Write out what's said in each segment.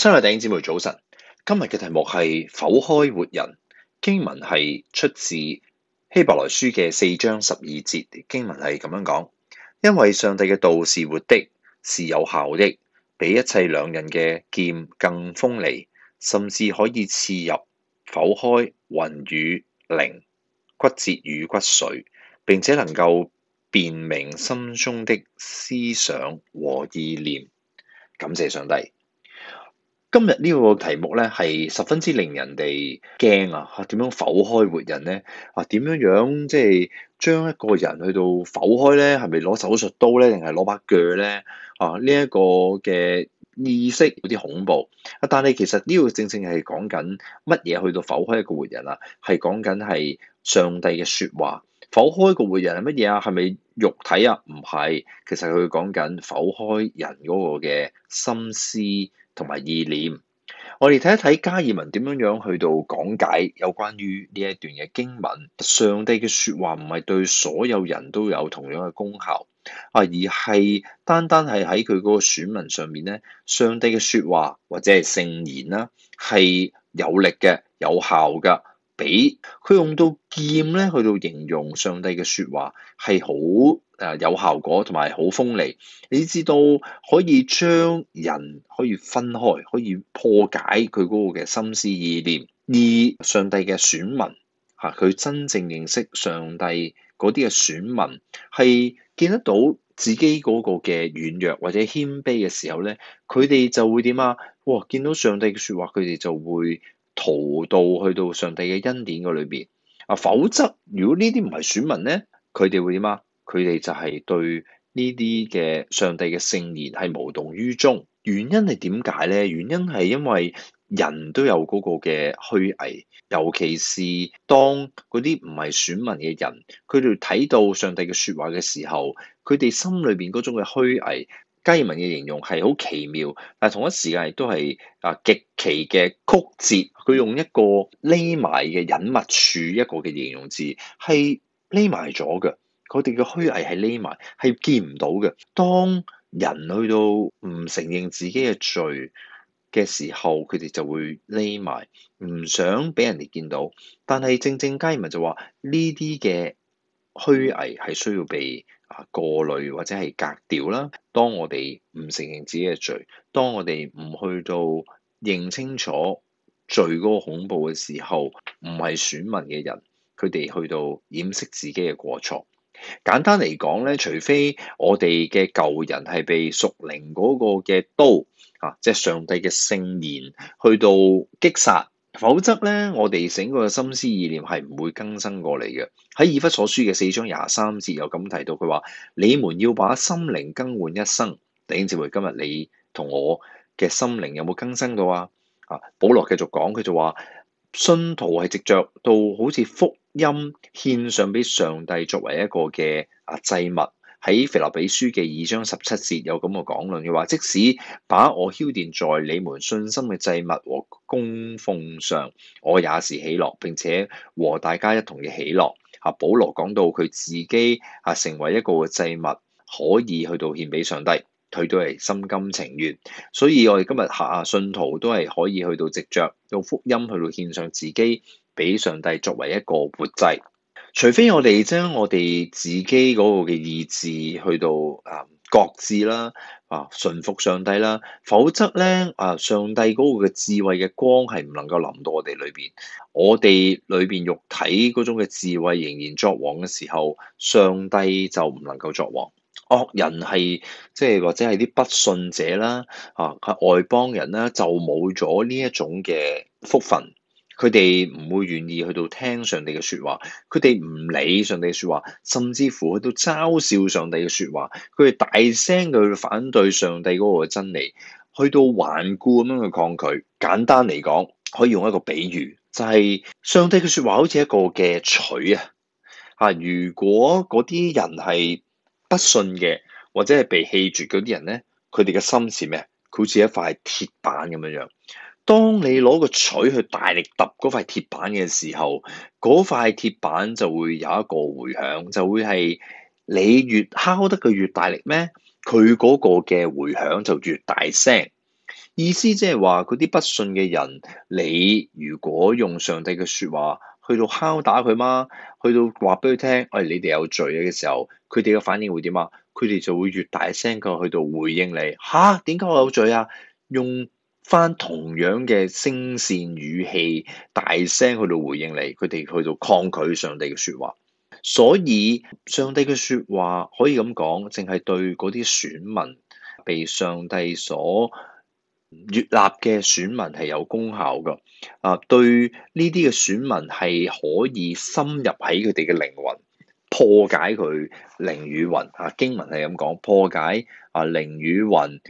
親愛弟兄姊妹，早晨。今日嘅題目係剖開活人，經文係出自希伯來書嘅四章十二節。經文係咁樣講：因為上帝嘅道是活的，是有效益，比一切兩刃嘅劍更鋒利，甚至可以刺入剖開魂與靈、骨折與骨髓，並且能夠辨明心中的思想和意念。感謝上帝。今日呢個題目咧係十分之令人哋驚啊！嚇、啊、點樣剖開活人咧？啊，點樣樣即係將一個人去到剖開咧？係咪攞手術刀咧？定係攞把鋸咧？啊，呢一，這個嘅意識有啲恐怖啊！但係其實呢個正正係講緊乜嘢去到剖開一個活人啊？係講緊係上帝嘅説話。剖開一個活人係乜嘢啊？係咪肉體啊？唔係，其實佢講緊剖開人嗰個嘅心思。同埋意念，我哋睇一睇加爾文點樣樣去到講解有關於呢一段嘅經文。上帝嘅說話唔係對所有人都有同樣嘅功效啊，而係單單係喺佢嗰個選民上面咧，上帝嘅說話或者係聖言啦，係有力嘅、有效噶俾佢用到劍咧，去到形容上帝嘅說話係好，誒有效果，同埋好鋒利。你知道可以將人可以分開，可以破解佢嗰個嘅心思意念。而上帝嘅選民吓，佢真正認識上帝嗰啲嘅選民，係見得到自己嗰個嘅軟弱或者謙卑嘅時候咧，佢哋就會點啊？哇！見到上帝嘅說話，佢哋就會。逃到去到上帝嘅恩典 𠮶 裏邊啊，否則如果呢啲唔係選民咧，佢哋會點啊？佢哋就係對呢啲嘅上帝嘅聖言係無動於衷。原因係點解咧？原因係因為人都有嗰個嘅虛偽，尤其是當嗰啲唔係選民嘅人，佢哋睇到上帝嘅說話嘅時候，佢哋心裏邊嗰種嘅虛偽。經文嘅形容係好奇妙，但同一時間亦都係啊極其嘅曲折。佢用一個匿埋嘅隱密處，一個嘅形容詞，係匿埋咗嘅。佢哋嘅虛偽係匿埋，係見唔到嘅。當人去到唔承認自己嘅罪嘅時候，佢哋就會匿埋，唔想俾人哋見到。但係正正經文就話呢啲嘅。虛偽係需要被啊過濾或者係隔掉啦。當我哋唔承認自己嘅罪，當我哋唔去到認清楚罪嗰個恐怖嘅時候，唔係選民嘅人，佢哋去到掩飾自己嘅過錯。簡單嚟講咧，除非我哋嘅舊人係被屬靈嗰個嘅刀啊，即係上帝嘅聖言去到擊殺。否則咧，我哋整個心思意念係唔會更新過嚟嘅。喺以弗所書嘅四章廿三節有咁提到，佢話你們要把心靈更換一生。弟兄姊妹，今日你同我嘅心靈有冇更新到啊？啊，保羅繼續講，佢就話信徒係直着，着到好似福音獻上俾上帝作為一個嘅啊祭物。喺腓立比書嘅二章十七節有咁嘅講論，佢話即使把我褻電在你們信心嘅祭物供奉上，我也是喜樂，並且和大家一同嘅喜樂。啊，保羅講到佢自己啊成為一個祭物，可以去到獻俾上帝，佢都係心甘情願。所以我哋今日下信徒都係可以去到藉着用福音去到獻上自己，俾上帝作為一個活祭。除非我哋將我哋自己嗰個嘅意志去到啊割志啦。啊，順服上帝啦，否則咧，啊，上帝嗰個嘅智慧嘅光係唔能夠臨到我哋裏邊，我哋裏邊肉體嗰種嘅智慧仍然作王嘅時候，上帝就唔能夠作王。惡人係即係或者係啲不信者啦，啊，外邦人啦就冇咗呢一種嘅福分。佢哋唔會願意去到聽上帝嘅説話，佢哋唔理上帝嘅説話，甚至乎去到嘲笑上帝嘅説話，佢哋大聲去反對上帝嗰個真理，去到頑固咁樣去抗拒。簡單嚟講，可以用一個比喻，就係上帝嘅説話好似一個嘅錘啊！嚇，如果嗰啲人係不信嘅，或者係被棄絕嗰啲人咧，佢哋嘅心係咩？佢好似一塊鐵板咁樣樣。當你攞個錘去大力揼嗰塊鐵板嘅時候，嗰塊鐵板就會有一個回響，就會係你越敲得佢越大力咩？佢嗰個嘅回響就越大聲。意思即係話，嗰啲不信嘅人，你如果用上帝嘅説話去到敲打佢嘛，去到話俾佢聽，喂、哎，你哋有罪嘅時候，佢哋嘅反應會點啊？佢哋就會越大聲咁去到回應你。吓、啊，點解我有罪啊？用翻同樣嘅聲線、語氣、大聲去到回應你，佢哋去到抗拒上帝嘅説話，所以上帝嘅説話可以咁講，淨係對嗰啲選民被上帝所悦納嘅選民係有功效㗎。啊，對呢啲嘅選民係可以深入喺佢哋嘅靈魂，破解佢靈與魂。啊，經文係咁講，破解啊靈與魂。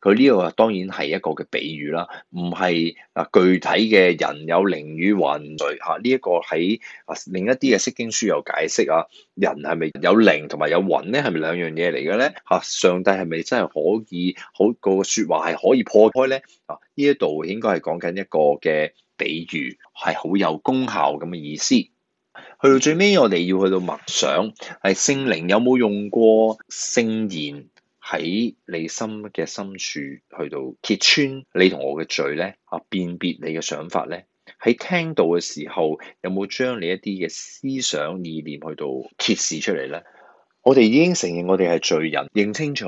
佢呢個當然係一個嘅比喻啦，唔係啊，具體嘅人有靈與魂聚嚇，呢、這、一個喺啊另一啲嘅《釋經書》有解釋啊，人係咪有靈同埋有魂咧？係咪兩樣嘢嚟嘅咧？嚇，上帝係咪真係可以好、那個説話係可以破開咧？啊，呢一度應該係講緊一個嘅比喻，係好有功效咁嘅意思。去到最尾，我哋要去到默想，係聖靈有冇用過聖言？喺你心嘅深處去到揭穿你同我嘅罪咧，啊，辨別你嘅想法咧，喺聽到嘅時候，有冇將你一啲嘅思想意念去到揭示出嚟咧？我哋已經承認我哋係罪人，認清楚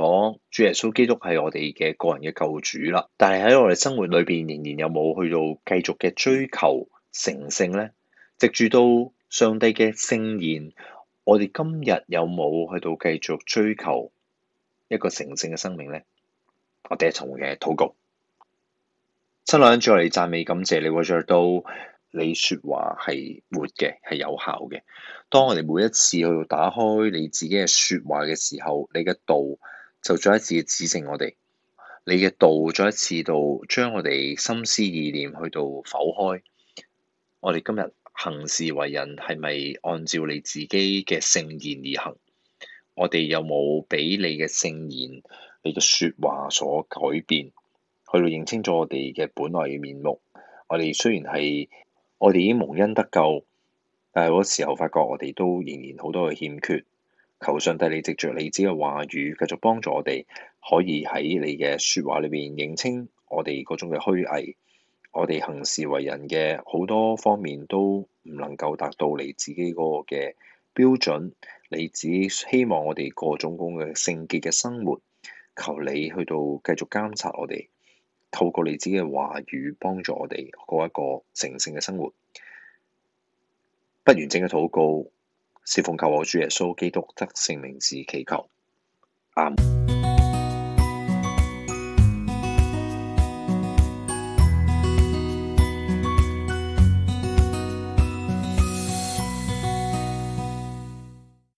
主耶穌基督係我哋嘅個人嘅救主啦。但係喺我哋生活裏邊仍然有冇去到繼續嘅追求成聖咧？直至到上帝嘅聖言，我哋今日有冇去到繼續追求？一個成聖嘅生命咧，我哋一同嘅禱告。新郎再嚟讚美感謝你，我着到你說話係活嘅，係有效嘅。當我哋每一次去到打開你自己嘅說話嘅時候，你嘅道就再一次嘅指正我哋。你嘅道再一次道，將我哋心思意念去到剖開。我哋今日行事為人係咪按照你自己嘅聖言而行？我哋有冇俾你嘅聖言、你嘅説話所改變，去到認清咗我哋嘅本來面目？我哋雖然係我哋已經蒙恩得救，但係嗰時候發覺我哋都仍然好多嘅欠缺。求上帝，你藉住你自己嘅話語，繼續幫助我哋，可以喺你嘅説話裏邊認清我哋嗰種嘅虛偽，我哋行事為人嘅好多方面都唔能夠達到你自己嗰個嘅標準。你只希望我哋過種咁嘅聖潔嘅生活，求你去到繼續監察我哋，透過你自己嘅話語幫助我哋過一個成聖嘅生活。不完整嘅禱告，是奉求我主耶穌基督得聖名時祈求。阿們。